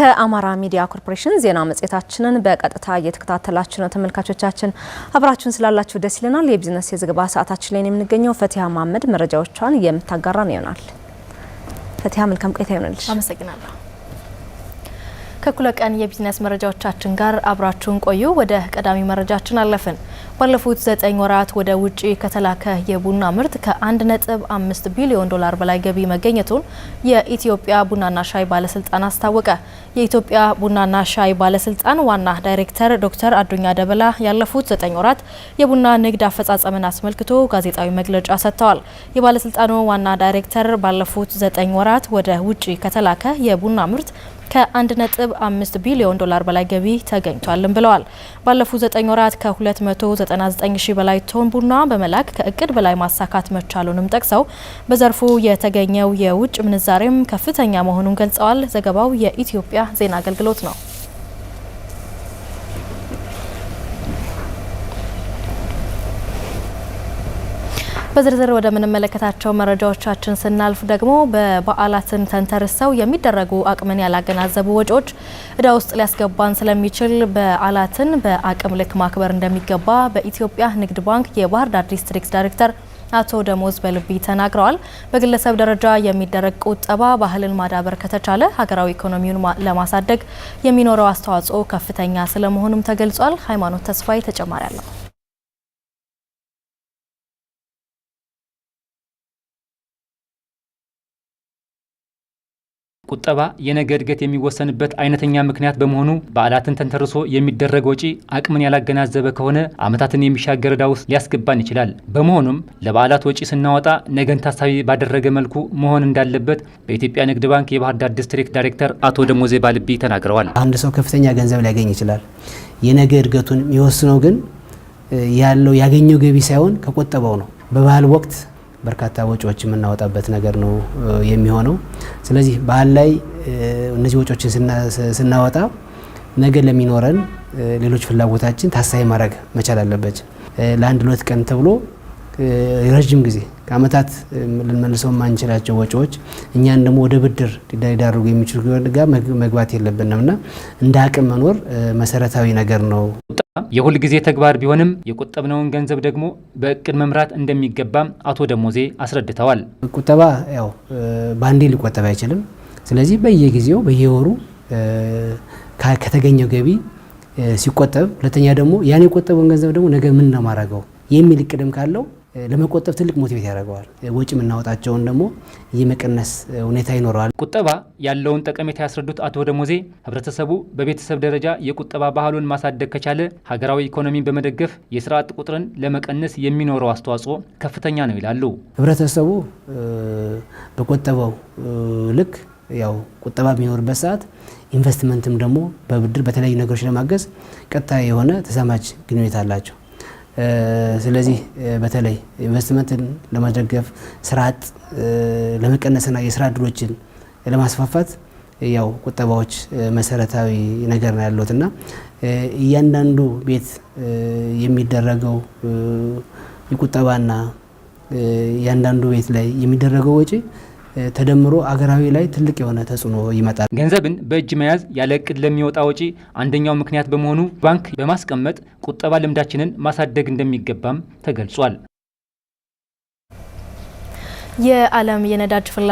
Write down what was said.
ከአማራ ሚዲያ ኮርፖሬሽን ዜና መጽሔታችንን በቀጥታ እየተከታተላችሁ ነው ተመልካቾቻችን፣ አብራችሁን ስላላችሁ ደስ ይለናል። የቢዝነስ የዘገባ ሰዓታችን ላይ የምንገኘው ፈቲያ መሀመድ መረጃዎቿን የምታጋራን ይሆናል። ፈቲያ መልካም ቆይታ ይሆናልሽ። አመሰግናለሁ። ከእኩለ ቀን የቢዝነስ መረጃዎቻችን ጋር አብራችሁን ቆዩ። ወደ ቀዳሚ መረጃችን አለፍን። ባለፉት ዘጠኝ ወራት ወደ ውጭ ከተላከ የቡና ምርት ከ1.5 ቢሊዮን ዶላር በላይ ገቢ መገኘቱን የኢትዮጵያ ቡናና ሻይ ባለስልጣን አስታወቀ። የኢትዮጵያ ቡናና ሻይ ባለስልጣን ዋና ዳይሬክተር ዶክተር አዱኛ ደበላ ያለፉት ዘጠኝ ወራት የቡና ንግድ አፈጻጸምን አስመልክቶ ጋዜጣዊ መግለጫ ሰጥተዋል። የባለስልጣኑ ዋና ዳይሬክተር ባለፉት ዘጠኝ ወራት ወደ ውጭ ከተላከ የቡና ምርት ከ1.5 ቢሊዮን ዶላር በላይ ገቢ ተገኝቷልም ብለዋል። ባለፉት 9 ወራት ከ299 ሺህ በላይ ቶን ቡና በመላክ ከእቅድ በላይ ማሳካት መቻሉንም ጠቅሰው በዘርፉ የተገኘው የውጭ ምንዛሬም ከፍተኛ መሆኑን ገልጸዋል። ዘገባው የኢትዮጵያ ዜና አገልግሎት ነው። በዝርዝር ወደምንመለከታቸው መረጃዎቻችን ስናልፍ ደግሞ በበዓላትን ተንተርሰው የሚደረጉ አቅምን ያላገናዘቡ ወጪዎች እዳ ውስጥ ሊያስገባን ስለሚችል በዓላትን በአቅም ልክ ማክበር እንደሚገባ በኢትዮጵያ ንግድ ባንክ የባህር ዳር ዲስትሪክት ዳይሬክተር አቶ ደሞዝ በልቢ ተናግረዋል። በግለሰብ ደረጃ የሚደረግ ቁጠባ ባህልን ማዳበር ከተቻለ ሀገራዊ ኢኮኖሚውን ለማሳደግ የሚኖረው አስተዋጽኦ ከፍተኛ ስለመሆኑም ተገልጿል። ሃይማኖት ተስፋዬ ተጨማሪ አለው። ቁጠባ የነገ እድገት የሚወሰንበት አይነተኛ ምክንያት በመሆኑ በዓላትን ተንተርሶ የሚደረግ ወጪ አቅምን ያላገናዘበ ከሆነ ዓመታትን የሚሻገር ዕዳ ውስጥ ሊያስገባን ይችላል። በመሆኑም ለበዓላት ወጪ ስናወጣ ነገን ታሳቢ ባደረገ መልኩ መሆን እንዳለበት በኢትዮጵያ ንግድ ባንክ የባህር ዳር ዲስትሪክት ዳይሬክተር አቶ ደሞዜ ባልቢ ተናግረዋል። አንድ ሰው ከፍተኛ ገንዘብ ሊያገኝ ይችላል። የነገ እድገቱን የሚወስነው ግን ያለው ያገኘው ገቢ ሳይሆን ከቆጠበው ነው። በባህል ወቅት በርካታ ወጪዎች የምናወጣበት ነገር ነው የሚሆነው ስለዚህ ባህል ላይ እነዚህ ወጪዎችን ስናወጣ ነገ ለሚኖረን ሌሎች ፍላጎታችን ታሳቢ ማድረግ መቻል አለበት። ለአንድ ሁለት ቀን ተብሎ ረዥም ጊዜ ከአመታት ልንመልሰው የማንችላቸው ወጪዎች እኛን ደግሞ ወደ ብድር ሊዳርጉ የሚችሉ ጋር መግባት የለብንም እና እንደ አቅም መኖር መሰረታዊ ነገር ነው። የሁል ጊዜ ተግባር ቢሆንም የቆጠብነውን ገንዘብ ደግሞ በእቅድ መምራት እንደሚገባም አቶ ደሞዜ አስረድተዋል። ቁጠባ ያው በአንዴ ሊቆጠብ አይችልም። ስለዚህ በየጊዜው በየወሩ ከተገኘው ገቢ ሲቆጠብ፣ ሁለተኛ ደግሞ ያን የቆጠበውን ገንዘብ ደግሞ ነገ ምን ነው ማድረገው የሚል እቅድም ካለው ለመቆጠብ ትልቅ ሞቲቬት ያደርገዋል። ወጪ የምናወጣቸውን ደግሞ የመቀነስ ሁኔታ ይኖረዋል። ቁጠባ ያለውን ጠቀሜታ ያስረዱት አቶ ደሞዜ ህብረተሰቡ በቤተሰብ ደረጃ የቁጠባ ባህሉን ማሳደግ ከቻለ ሀገራዊ ኢኮኖሚን በመደገፍ የስራ አጥ ቁጥርን ለመቀነስ የሚኖረው አስተዋጽኦ ከፍተኛ ነው ይላሉ። ህብረተሰቡ በቆጠበው ልክ ያው ቁጠባ በሚኖርበት ሰዓት ኢንቨስትመንትም ደግሞ በብድር በተለያዩ ነገሮች ለማገዝ ቀጥታ የሆነ ተዛማጅ ግንኙነት አላቸው። ስለዚህ በተለይ ኢንቨስትመንትን ለማደገፍ ስራ ለመቀነስና የስራ እድሎችን ለማስፋፋት ያው ቁጠባዎች መሰረታዊ ነገር ነው ያሉት እና እያንዳንዱ ቤት የሚደረገው የቁጠባና እያንዳንዱ ቤት ላይ የሚደረገው ወጪ ተደምሮ አገራዊ ላይ ትልቅ የሆነ ተጽዕኖ ይመጣል። ገንዘብን በእጅ መያዝ ያለ እቅድ ለሚወጣ ወጪ አንደኛው ምክንያት በመሆኑ ባንክ በማስቀመጥ ቁጠባ ልምዳችንን ማሳደግ እንደሚገባም ተገልጿል። የዓለም የነዳጅ ፍላ